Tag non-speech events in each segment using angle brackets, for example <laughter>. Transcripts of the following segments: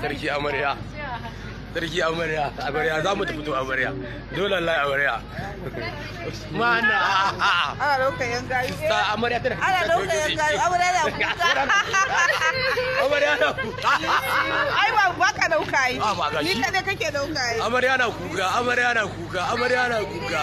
sarki amarya sarki amarya amarya za mu tafi to amarya dole lai amarya mana ana lokacin gayu ta amarya tana ana lokacin gayu amarya na kuka amarya na kuka ai ba ba ka dauka yi ni kada kake dauka yi amarya na kuka amarya na kuka amarya na kuka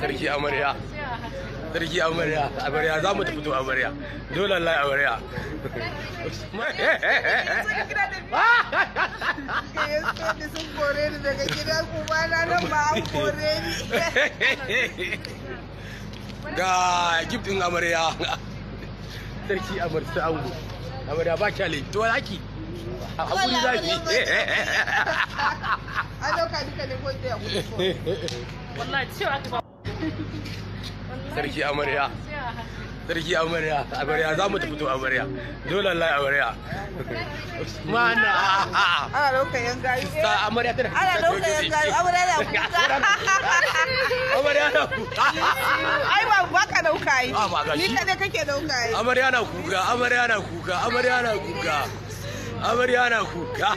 sarki amarya sarki amarya amarya za mu tafi to amarya dole Allah amarya sun kore ni daga gida ga giftin amarya sarki amarsa ango amarya ba kyale to laki hakuri za ki a <laughs> dauka duka ne ko da wallahi cewa ka sarki amarya sarki amarya amarya za mu tafi to amarya dole lai amarya mana ana daukar yan gayu ta amarya tana ana daukar yan gayu amarya na kuka amarya na kuka ai ba ba ka dauka yi ni kada kake dauka yi amarya na kuka amarya na kuka amarya na kuka amarya na kuka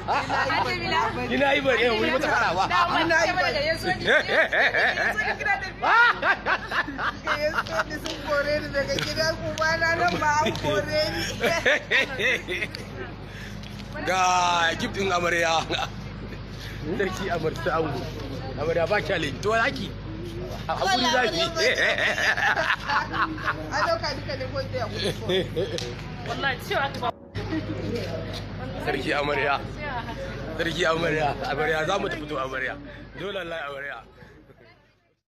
ina yi bari yau mata karawa ina yi bari sun kore ni daga gida na nan ba an kore ni ga amarya sarki ango amarya ba kyale to ka ne ko ya kuma wallahi cewa sarki amarya sarki amarya amarya za mu tafi to amarya dole Allah amarya